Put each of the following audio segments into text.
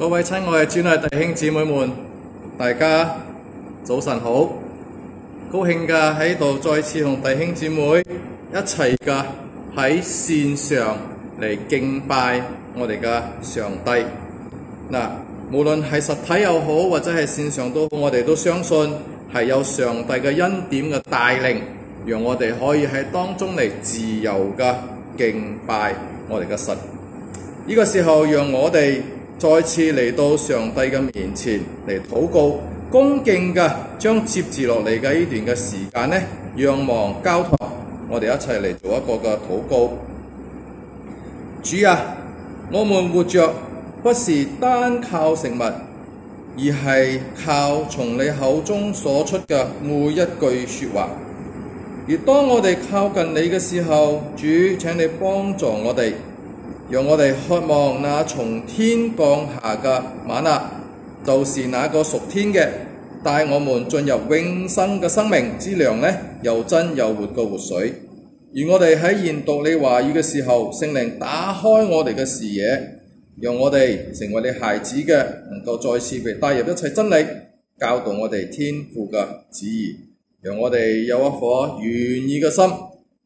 各位親愛的，嘅弟兄姊妹們，大家早晨好！高興㗎，喺度再次同弟兄姊妹一齊嘅，喺線上嚟敬拜我哋嘅上帝。嗱，無論係實體又好，或者係線上都好，我哋都相信係有上帝嘅恩典嘅帶領，讓我哋可以喺當中嚟自由嘅敬拜我哋嘅神。呢個時候，讓我哋再次嚟到上帝嘅面前嚟禱告，恭敬嘅，將接住落嚟嘅呢段嘅時間呢，仰望交託，我哋一齊嚟做一個嘅禱告。主啊，我們活着不是單靠食物，而係靠從你口中所出嘅每一句說話。而當我哋靠近你嘅時候，主請你幫助我哋。讓我哋渴望那從天降下嘅嗎哪，啊，就是那個屬天嘅，帶我們進入永生嘅生命之糧呢，又真又活嘅活水。而我哋喺研讀你話語嘅時候，聖靈打開我哋嘅視野，讓我哋成為你孩子嘅，能夠再次被帶入一切真理，教導我哋天父嘅旨意，讓我哋有一顆願意嘅心，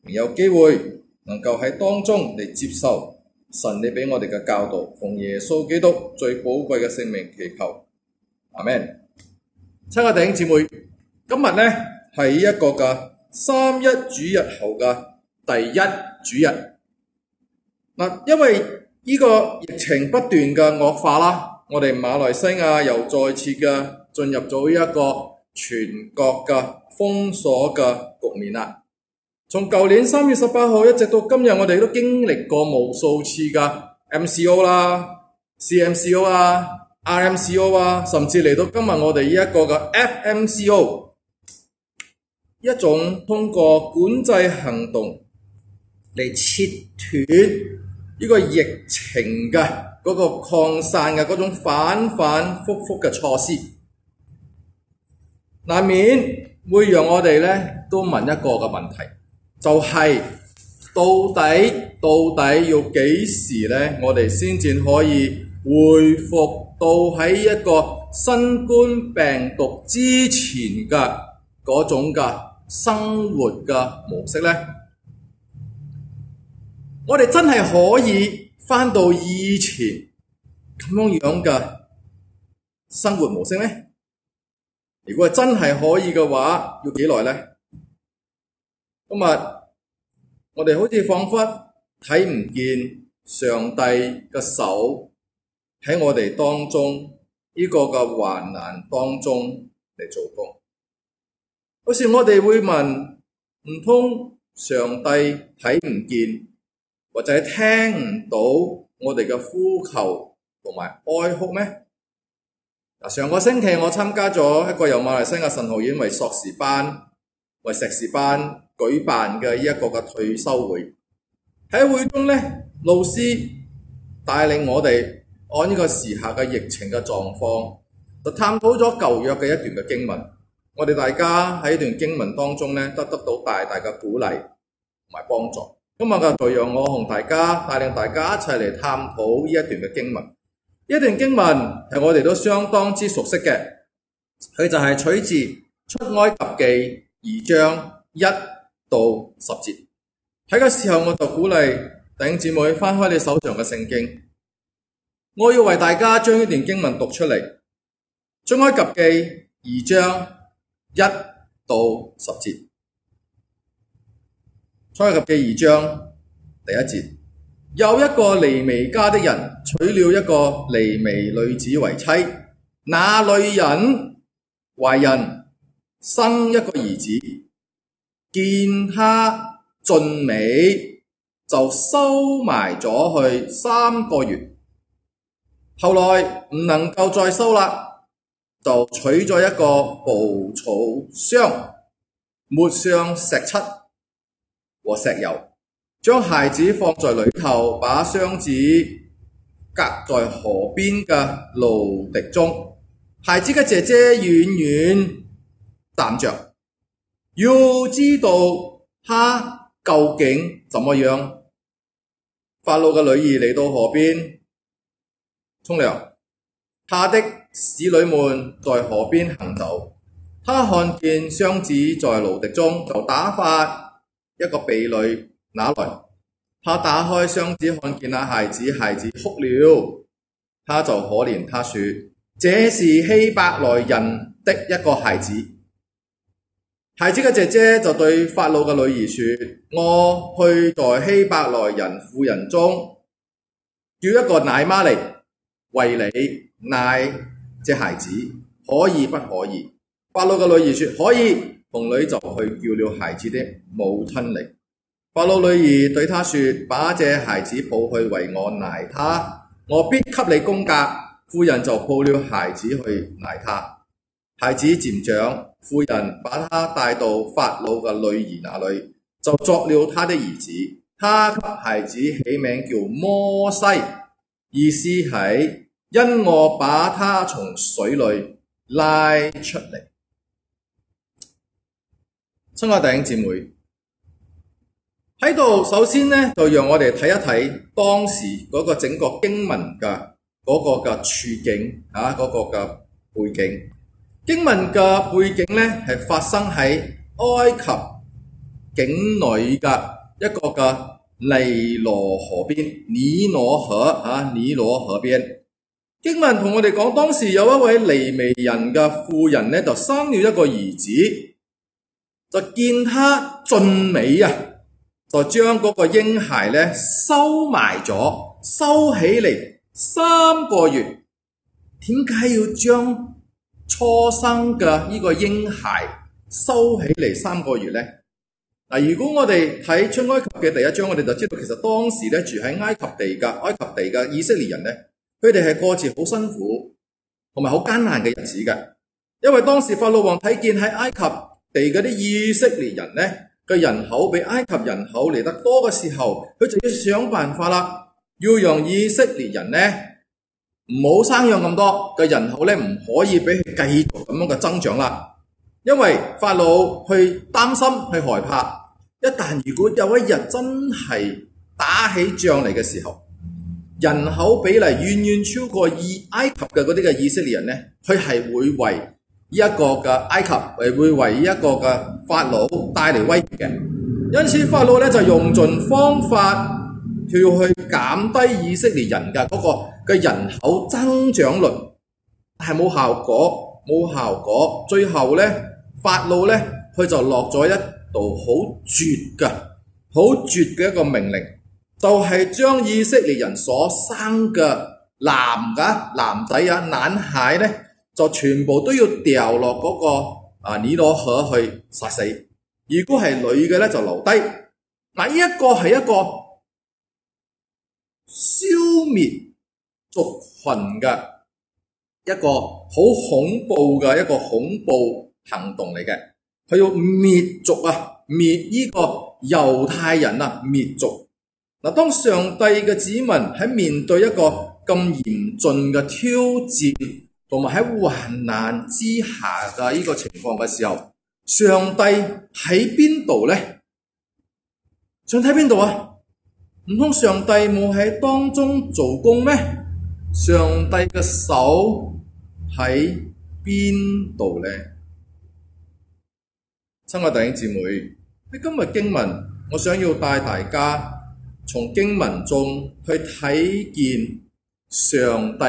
能有機會能夠喺當中嚟接受。神，你俾我哋嘅教導，奉耶穌基督最寶貴嘅姓名，祈求，阿門。親愛嘅弟兄姊妹，今日呢係一個嘅三一主日後嘅第一主日。嗱，因為呢個疫情不斷嘅惡化啦，我哋馬來西亞又再次嘅進入咗一個全國嘅封鎖嘅局面啦！從舊年三月十八號一直到今日，我哋都經歷過無數次嘅 MCO 啦、啊、CMCO 啦、啊、RMCO 啊，甚至嚟到今日我哋呢一個嘅 FMCO，一種通過管制行動嚟切斷呢個疫情嘅嗰個擴散嘅嗰種反反复覆嘅措施，難免會讓我哋咧都問一個嘅問題。就係到底到底要幾時咧？我哋先至可以恢復到喺一個新冠病毒之前嘅嗰種嘅生活嘅模式咧。我哋真係可以翻到以前咁樣樣嘅生活模式咧？如果真係可以嘅話，要幾耐咧？今日。我哋好似仿佛睇唔見上帝嘅手喺我哋當中呢個嘅患難當中嚟做工，好似我哋會問：唔通上帝睇唔見或者聽唔到我哋嘅呼求同埋哀哭咩？嗱，上個星期我參加咗一個由馬來西亞神學院為碩士班、為碩士班。舉辦嘅呢一個嘅退休會，喺會中呢，老師帶領我哋按呢個時下嘅疫情嘅狀況，就探討咗舊約嘅一段嘅經文。我哋大家喺呢段經文當中呢，都得，得到大大嘅鼓勵同埋幫助。今日就讓我同大家帶領大家一齊嚟探討呢一段嘅經文。一段經文係我哋都相當之熟悉嘅，佢就係取自《出埃及記》二章一到十節喺、這個時候，我就鼓勵弟兄姊妹翻開你手上嘅聖經，我要為大家將呢段經文讀出嚟，《出埃及記》二章一到十節，《出埃及記》二章第一節：有一個利未家的人娶了一個利未女子為妻，那女人懷孕生一個兒子。見他俊美就收埋咗去三個月，後來唔能夠再收啦，就取咗一個蒲草箱，抹上石漆和石油，將孩子放在裏頭，把箱子隔在河邊嘅蘆荻中，孩子嘅姐姐遠遠站着。要知道他究竟怎麼樣。法老嘅女兒嚟到河邊沖涼，他的使女們在河邊行走。他看見箱子在蘆荻中，就打發一個婢女拿來。他打開箱子，看見那孩子，孩子哭了，他就可憐。他說，這是希伯來人的一個孩子。孩子嘅姐姐就對法老嘅女兒說：我去在希伯來人婦人中叫一個奶媽嚟為你奶這孩子，可以不可以？法老嘅女兒說：可以。童女就去叫了孩子的母親嚟。法老女兒對她說：把這孩子抱去為我奶他，我必給你工價。婦人就抱了孩子去奶他。孩子漸長。婦人把他帶到法老嘅女兒那裏，就作了他的兒子。他給孩子起名叫摩西，意思係因我把他從水裏拉出嚟。親愛弟兄姊妹喺度，首先呢，就讓我哋睇一睇當時嗰個整個經文嘅嗰個嘅處境吓，嗰個嘅背景。經文嘅背景呢，係發生喺埃及境內嘅一個嘅尼羅河邊，尼羅河嚇、啊，尼羅河邊經文同我哋講，當時有一位利未人嘅婦人呢，就生咗一個兒子，就見他俊美啊，就將嗰個嬰孩呢收埋咗，收起嚟三個月，點解要將？初生嘅呢個嬰孩收起嚟三個月呢。如果我哋睇出埃及嘅第一章，我哋就知道其實當時呢住喺埃及地嘅埃及地嘅以色列人呢，佢哋係過住好辛苦同埋好艱難嘅日子嘅，因為當時法老王睇見喺埃及地嗰啲以色列人呢，嘅人口比埃及人口嚟得多嘅時候，佢就要想辦法啦，要讓以色列人呢。唔好生養咁多嘅人口咧，唔可以俾佢繼續咁樣嘅增長啦。因為法老去擔心、去害怕，一旦如果有一日真係打起仗，嚟嘅時候，人口比例遠遠超過以埃及嘅嗰啲嘅以色列人咧，佢係會為呢一個嘅埃及，係會為呢一個嘅法老帶嚟威脅嘅。因此，法老咧就用盡方法。佢要去減低以色列人嘅嗰個嘅人口增長率，係冇效果，冇效果。最後咧，法老咧，佢就落咗一道好絕嘅好絕嘅一個命令，就係將以色列人所生嘅男嘅男仔啊、男孩咧，就全部都要掉落嗰個啊尼羅河去殺死。如果係女嘅咧，就留低。第一個係一個。消滅族群嘅一個好恐怖嘅一個恐怖行動嚟嘅，佢要滅族啊，滅呢個猶太人啊，滅族。嗱，當上帝嘅子民喺面對一個咁嚴峻嘅挑戰，同埋喺患難之下嘅呢個情況嘅時候，上帝喺邊度咧？上帝喺邊度啊？唔通上帝冇喺當中做工咩？上帝嘅手喺邊度咧？親愛弟兄姊妹喺今日經文，我想要帶大家從經文中去睇見上帝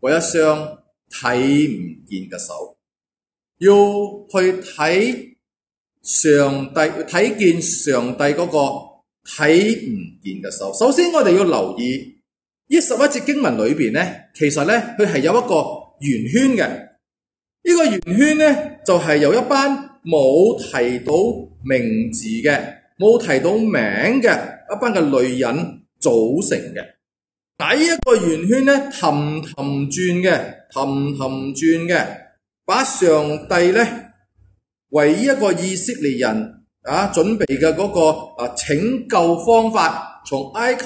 嗰一雙睇唔見嘅手，要去睇上帝，睇見上帝嗰，那個。睇唔見嘅手。首先，我哋要留意呢十一節經文裏邊呢，其實呢，佢係有一個圓圈嘅。呢個圓圈呢，就係由一班冇提到名字嘅、冇提到名嘅一班嘅女人組成嘅。嗱，呢一個圓圈呢，氹氹轉嘅，氹氹轉嘅，把上帝呢為一個以色列人。啊！準備嘅嗰、那個啊拯救方法，從埃及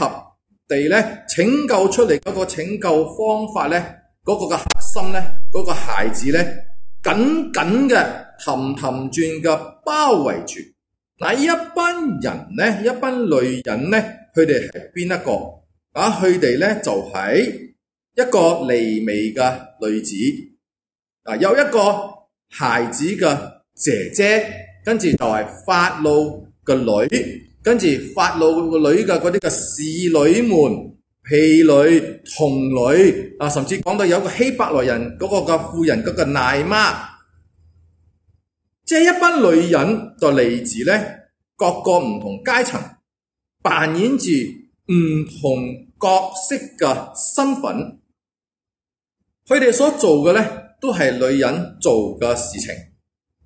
地咧拯救出嚟嗰個拯救方法咧，嗰、那個嘅核心咧，嗰、那個孩子咧緊緊嘅氹氹轉嘅包圍住。嗱，一班人咧，一班女人咧，佢哋係邊一個？啊，佢哋咧就喺、是、一個利未嘅女子。啊，有一個孩子嘅姐姐。跟住就係法老嘅女，跟住法老個女嘅嗰啲嘅侍女們、婢女、童女啊，甚至講到有個希伯來人嗰個嘅婦人嗰個奶媽，即係一班女人就嚟自咧，各個唔同階層扮演住唔同角色嘅身份，佢哋所做嘅咧都係女人做嘅事情，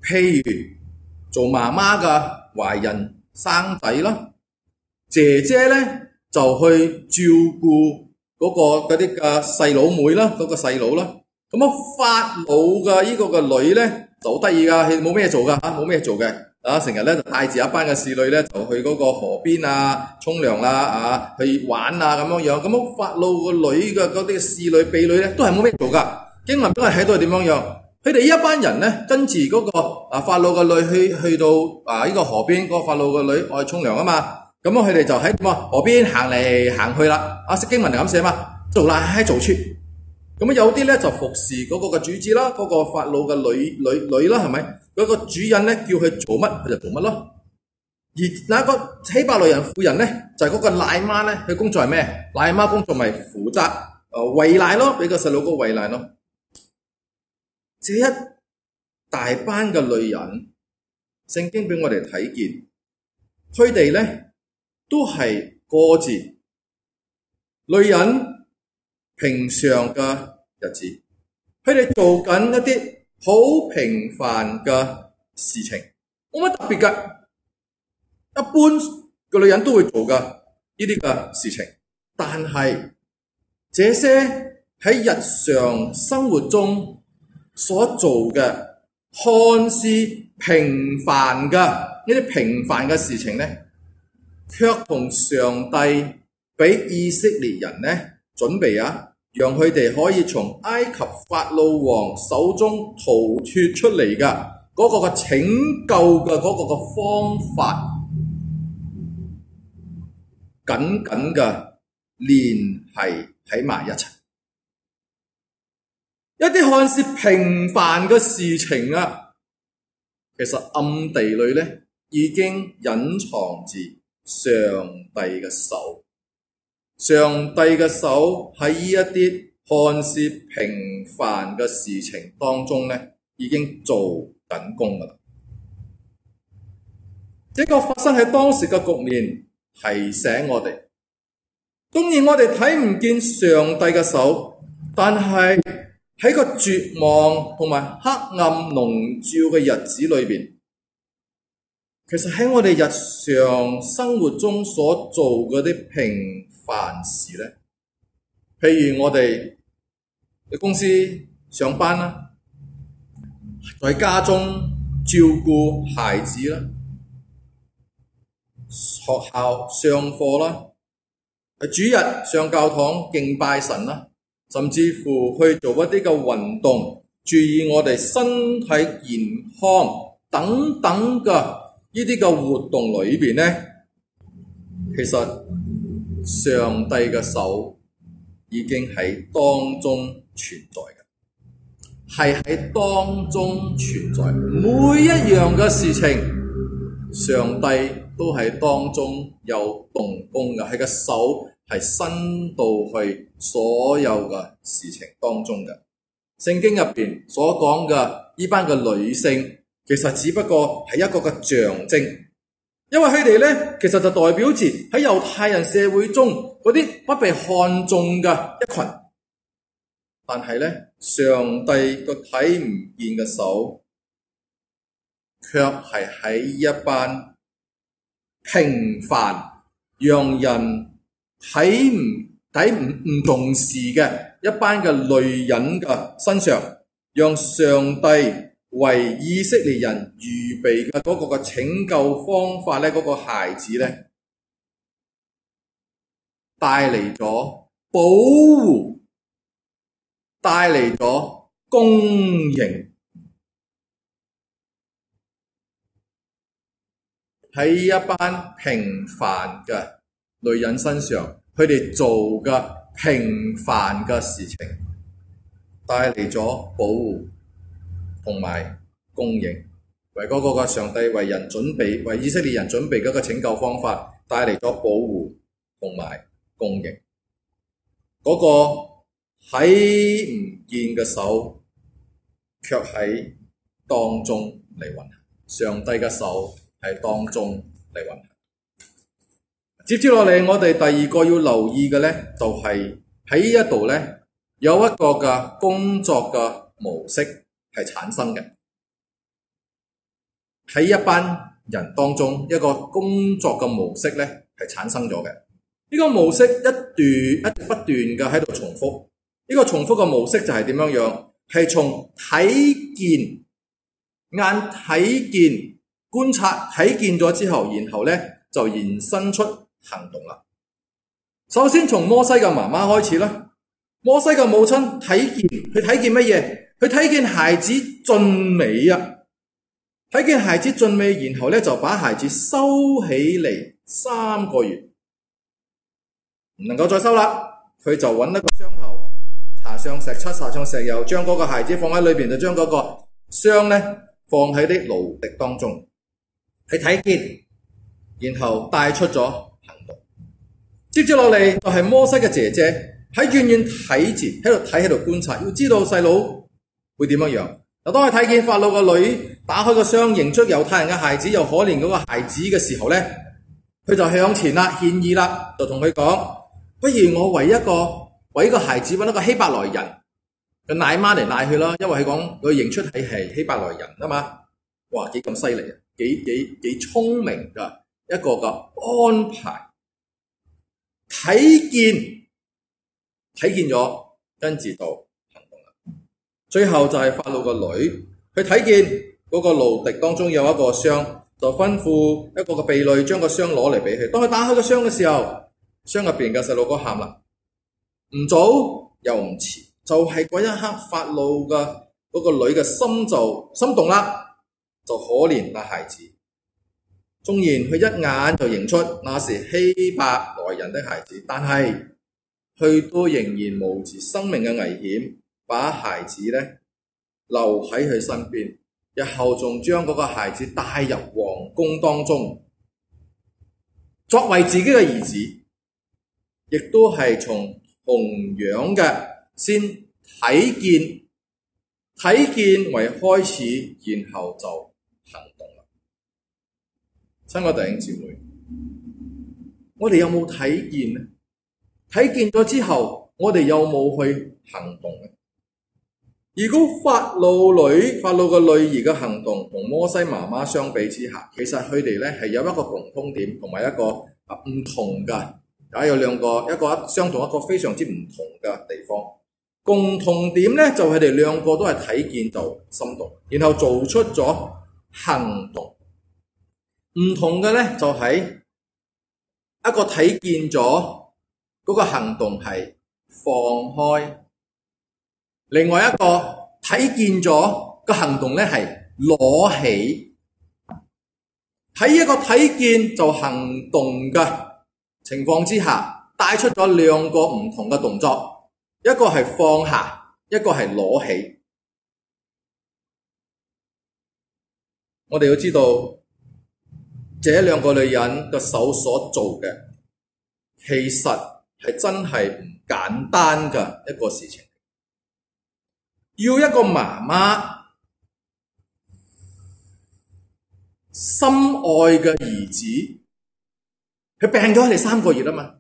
譬如，做媽媽嘅懷孕生仔啦，姐姐咧就去照顧嗰個嗰啲嘅細佬妹啦，嗰、嗰個細佬啦。咁、那個、啊，法老嘅呢個嘅女咧就好得意㗎，佢冇咩做㗎嚇，冇咩做嘅啊，成日咧就帶住一班嘅侍女咧就去嗰個河邊啊沖涼啦啊，啊去玩啊咁樣樣。咁啊，法老個女嘅嗰啲侍女婢女咧都係冇咩做㗎，經文都係睇到係點樣樣。佢哋依一班人咧，跟住嗰個啊法老嘅女去去到啊呢個河邊，嗰個法老嘅女愛沖涼啊嘛，咁樣佢哋就喺河邊行嚟行去啦。阿釋經文就咁寫嘛，做奶閪做妾，咁樣有啲咧就服侍嗰個嘅主子啦，嗰個法老嘅女女女啦，係咪？嗰個主人咧叫佢做乜佢就做乜咯。而那個希伯來人婦人咧，就係嗰個奶媽咧，佢工作係咩？奶媽工作咪負責誒喂奶咯，俾個細佬哥喂奶咯。這一大班嘅女人，聖經俾我哋睇見，佢哋咧都係過住女人平常嘅日子，佢哋做緊一啲好平凡嘅事情，冇乜特別㗎，一般嘅女人都會做㗎呢啲嘅事情，但係這些喺日常生活中。所做嘅看似平凡嘅呢啲平凡嘅事情咧，卻同上帝俾以色列人咧準備啊，讓佢哋可以從埃及法老王手中逃脫出嚟嘅嗰個嘅拯救嘅嗰個嘅方法緊緊嘅聯繫喺埋一齊。一啲看似平凡嘅事情啊，其實暗地裏呢已經隱藏住上帝嘅手。上帝嘅手喺呢一啲看似平凡嘅事情當中呢已經做緊工噶啦。呢、這個發生喺當時嘅局面，提醒我哋。當然我哋睇唔見上帝嘅手，但係。喺個絕望同埋黑暗籠罩嘅日子裏邊，其實喺我哋日常生活中所做嗰啲平凡事咧，譬如我哋喺公司上班啦，在家中照顧孩子啦，學校上課啦，喺主日上教堂敬拜神啦。甚至乎去做一啲嘅運動，注意我哋身體健康等等嘅呢啲嘅活動裏邊咧，其實上帝嘅手已經喺當中存在嘅，係喺當中存在，每一樣嘅事情，上帝都係當中有動工嘅，係個手，係伸到去所有嘅事情當中嘅，聖經入邊所講嘅呢班嘅女性，其實只不過係一個嘅象徵，因為佢哋咧其實就代表住喺猶太人社會中嗰啲不被看中嘅一群。但係咧上帝個睇唔見嘅手，卻係喺一班平凡、讓人喺唔喺唔唔重視嘅一班嘅女人嘅身上，讓上帝為以色列人預備嘅嗰個嘅拯救方法咧，嗰、那個孩子咧，帶嚟咗保護，帶嚟咗供應喺一班平凡嘅。女人身上，佢哋做嘅平凡嘅事情，帶嚟咗保護同埋供應，為嗰個上帝為人準備，為以色列人準備嗰個拯救方法，帶嚟咗保護同埋供應。嗰個喺唔見嘅手，卻喺當中嚟運行。上帝嘅手係當中嚟運行。接接落嚟，我哋第二個要留意嘅呢，就係、是、喺呢一度呢，有一個嘅工作嘅模式係產生嘅。喺一班人當中，一個工作嘅模式呢係產生咗嘅。呢、這個模式一段一不斷嘅喺度重複。呢、這個重複嘅模式就係點樣樣？係從睇見眼睇見觀察睇見咗之後，然後呢就延伸出，行動啦！首先從摩西嘅媽媽開始啦。摩西嘅母親睇見佢睇見乜嘢？佢睇見孩子俊美啊！睇見孩子俊美，然後咧就把孩子收起嚟三個月，唔能夠再收啦。佢就揾一個箱頭，搽上石漆，搽上石油，將嗰個孩子放喺裏邊，就將嗰個箱咧放喺啲蘆荻當中。佢睇見，然後帶出咗。接住落嚟就係、是、摩西嘅姐姐，喺遠遠睇住，喺度睇喺度觀察，要知道細佬會點樣樣。嗱，當佢睇見法老個女打開個箱，認出猶太人嘅孩子，又可憐嗰個孩子嘅時候咧，佢就向前啦，獻議啦，就同佢講：不如我為一個為一個孩子搵一個希伯萊人來人嘅奶媽嚟奶佢啦。因為佢講佢認出係係希伯來人啊嘛。哇，幾咁犀利，幾幾幾聰明噶一個個安排。睇見，睇見咗，跟住就行動啦。最後就係法老個女，佢睇見嗰個蘆荻當中有一個箱，就吩咐一個個婢女將個箱攞嚟俾佢。當佢打開個箱嘅時候，箱入邊嘅細路哥喊啦，唔早又唔遲，就係、是、嗰一刻，法老嘅嗰個女嘅心就心動啦，就可憐啦孩子。縱然佢一眼就認出那是希伯來人的孩子，但係佢都仍然冒住生命嘅危險，把孩子咧留喺佢身邊，日後仲將嗰個孩子帶入皇宮當中，作為自己嘅兒子，亦都係從同樣嘅先睇見，睇見為開始，然後就。親愛嘅弟兄姊妹，我哋有冇睇見咧？睇見咗之後，我哋有冇去行動咧？如果法老女、法老個女兒嘅行動同摩西媽媽相比之下，其實佢哋咧係有一個共通點同埋一個啊唔同㗎。啊，有兩個，一個相同，一個非常之唔同嘅地方。共同點咧，就係佢哋兩個都係睇見就心動，然後做出咗行動。唔同嘅咧，就喺一個睇見咗嗰個行動係放開，另外一個睇見咗個行動咧係攞起。喺一個睇見就行動嘅情況之下，帶出咗兩個唔同嘅動作，一個係放下，一個係攞起。我哋要知道。這兩個女人嘅手所做嘅，其實係真係唔簡單嘅一個事情。要一個媽媽，心愛嘅兒子，佢病咗嚟三個月啊嘛。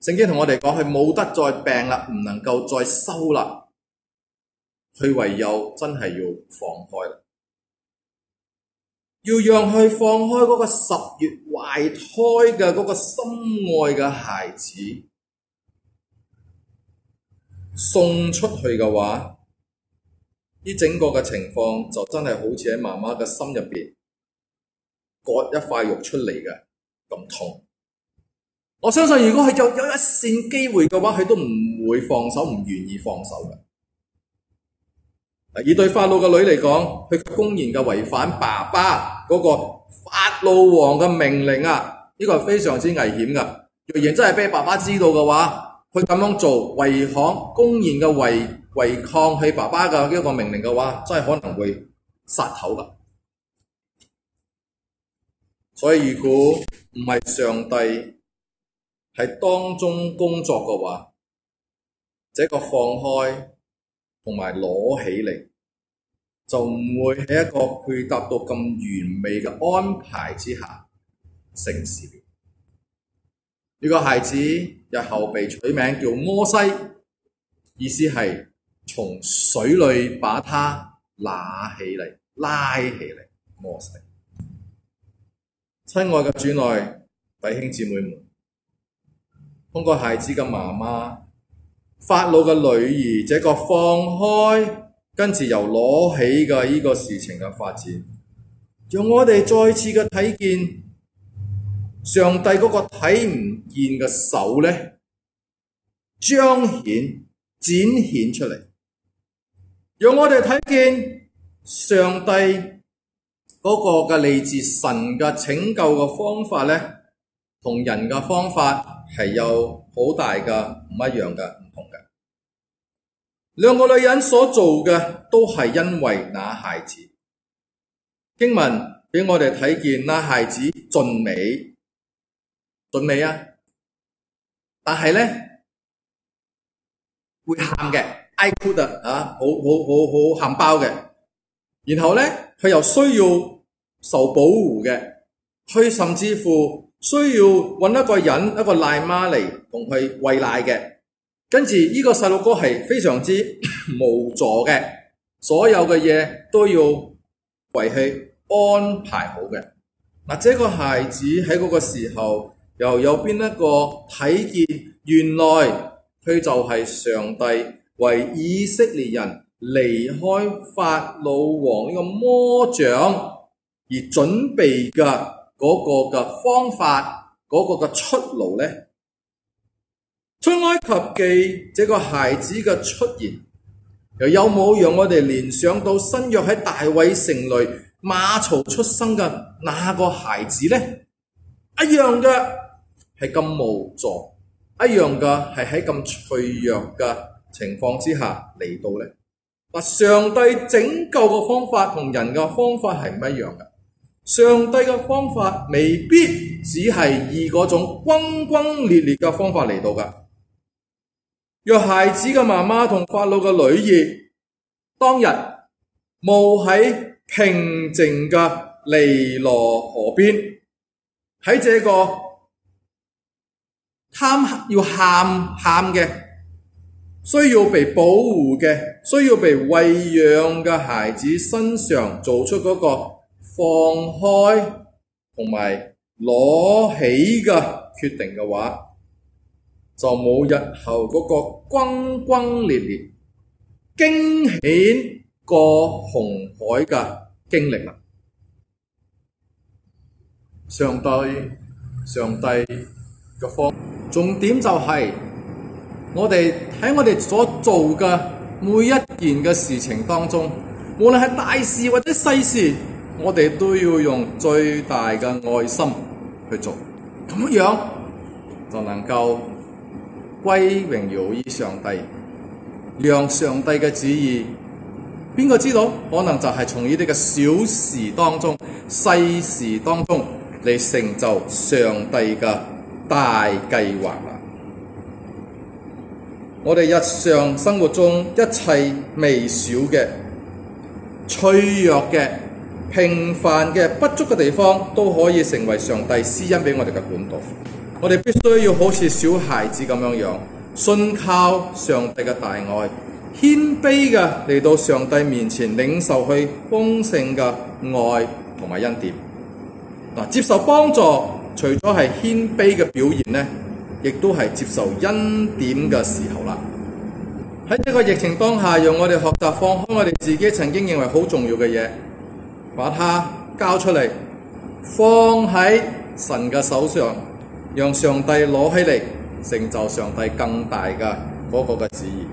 聖經同我哋講，佢冇得再病啦，唔能夠再收啦，佢唯有真係要放開啦。要讓佢放開嗰個十月懷胎嘅嗰個心愛嘅孩子送出去嘅話，呢整個嘅情況就真係好似喺媽媽嘅心入邊割一塊肉出嚟嘅咁痛。我相信如果佢有有一線機會嘅話，佢都唔會放手，唔願意放手嘅。而對法老嘅女嚟講，佢公然嘅違反爸爸嗰個法老王嘅命令啊，呢個係非常之危險噶。若然真係俾爸爸知道嘅話，佢咁樣做違抗、公然嘅違違抗佢爸爸嘅呢個命令嘅話，真係可能會殺頭噶。所以如果唔係上帝喺當中工作嘅話，這個放開。同埋攞起嚟，就唔會喺一個配搭到咁完美嘅安排之下成事。呢、這個孩子日後被取名叫摩西，意思係從水裏把他拿起嚟，拉起嚟，摩西。親愛嘅主內弟兄姊妹們，通過孩子嘅媽媽。法老嘅女兒，這個放開，跟住又攞起嘅呢個事情嘅發展，讓我哋再次嘅睇見上帝嗰個睇唔見嘅手咧，彰顯展顯出嚟，讓我哋睇見上帝嗰個嘅嚟自神嘅拯救嘅方法咧，同人嘅方法係有好大嘅唔一樣嘅。兩個女人所做嘅都係因為那孩子經文俾我哋睇見，那孩子俊美，俊美啊！但係咧會喊嘅，挨哭啊，吓，好，好，好，好喊包嘅。然後咧，佢又需要受保護嘅，佢甚至乎需要揾一個人，一個奶媽嚟同佢餵奶嘅。跟住呢個細路哥係非常之 無助嘅，所有嘅嘢都要為佢安排好嘅。嗱，這個孩子喺嗰個時候又有邊一個睇見，原來佢就係上帝為以色列人離開法老王呢個魔掌而準備嘅嗰個嘅方法，嗰、嗰個嘅出路呢？出埃及記，這個孩子嘅出現，又有冇讓我哋聯想到新約喺大衛城內馬槽出生嘅那個孩子呢？一樣嘅，係咁無助，一樣嘅係喺咁脆弱嘅情況之下嚟到呢。嗱，上帝拯救嘅方法同人嘅方法係唔一樣嘅。上帝嘅方法未必只係以嗰種轟轟烈烈嘅方法嚟到噶。若孩子嘅媽媽同法老嘅女兒當日冇喺平靜嘅尼羅河邊，喺這個貪要喊喊嘅需要被保護嘅需要被餵養嘅孩子身上做出嗰個放開同埋攞起嘅決定嘅話，就冇日後嗰個轟轟烈烈驚險過紅海嘅經歷啦！上帝、上帝嘅方重點就係、是、我哋喺我哋所做嘅每一件嘅事情當中，無論係大事或者細事，我哋都要用最大嘅愛心去做，咁樣就能夠。歸榮耀於上帝，讓上帝嘅旨意，邊個知道？可能就係從呢啲嘅小事當中、細事當中嚟成就上帝嘅大計劃啦。我哋日常生活中一切微小嘅、脆弱嘅、平凡嘅、不足嘅地方，都可以成為上帝施恩俾我哋嘅管道。我哋必須要好似小孩子咁樣樣，信靠上帝嘅大愛，謙卑嘅嚟到上帝面前，領受去豐盛嘅愛同埋恩典。接受幫助，除咗係謙卑嘅表現呢，亦都係接受恩典嘅時候啦。喺呢個疫情當下，讓我哋學習放開我哋自己曾經認為好重要嘅嘢，把它交出嚟，放喺神嘅手上。讓上帝攞起嚟，成就上帝更大嘅嗰個嘅旨意。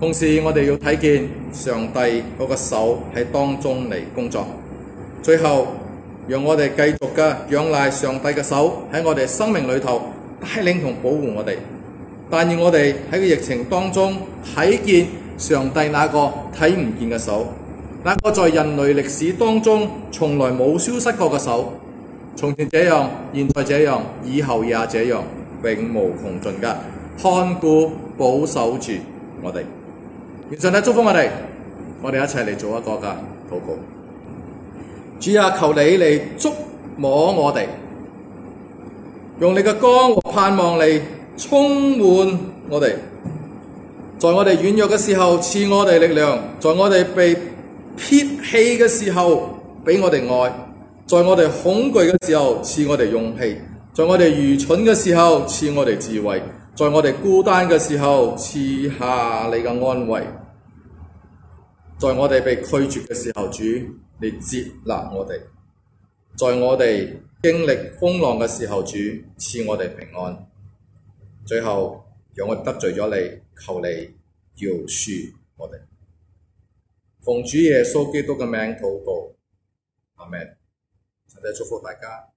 同時，我哋要睇見上帝嗰個手喺當中嚟工作。最後，讓我哋繼續嘅仰賴上帝嘅手喺我哋生命裏頭帶領同保護我哋。但願我哋喺個疫情當中睇見上帝那個睇唔見嘅手，那個在人類歷史當中從來冇消失過嘅手，從前這樣，現在這樣，以後也這樣，永無窮盡噶。看顧保守住我哋，願上帝祝福我哋，我哋一齊嚟做一個噶禱告。主啊，求你嚟觸摸我哋，用你嘅光和盼望嚟充滿我哋。在我哋軟弱嘅時候，賜我哋力量；在我哋被撇棄嘅時候，俾我哋愛。在我哋恐懼嘅時候，賜我哋勇氣；在我哋愚蠢嘅時候，賜我哋智慧；在我哋孤單嘅時候，賜下你嘅安慰；在我哋被拒絕嘅時候，主，你接納我哋；在我哋經歷風浪嘅時候，主，賜我哋平安。最後，若我得罪咗你，求你饒恕我哋。奉主耶穌基督嘅名禱告，阿門。嚟祝福大家！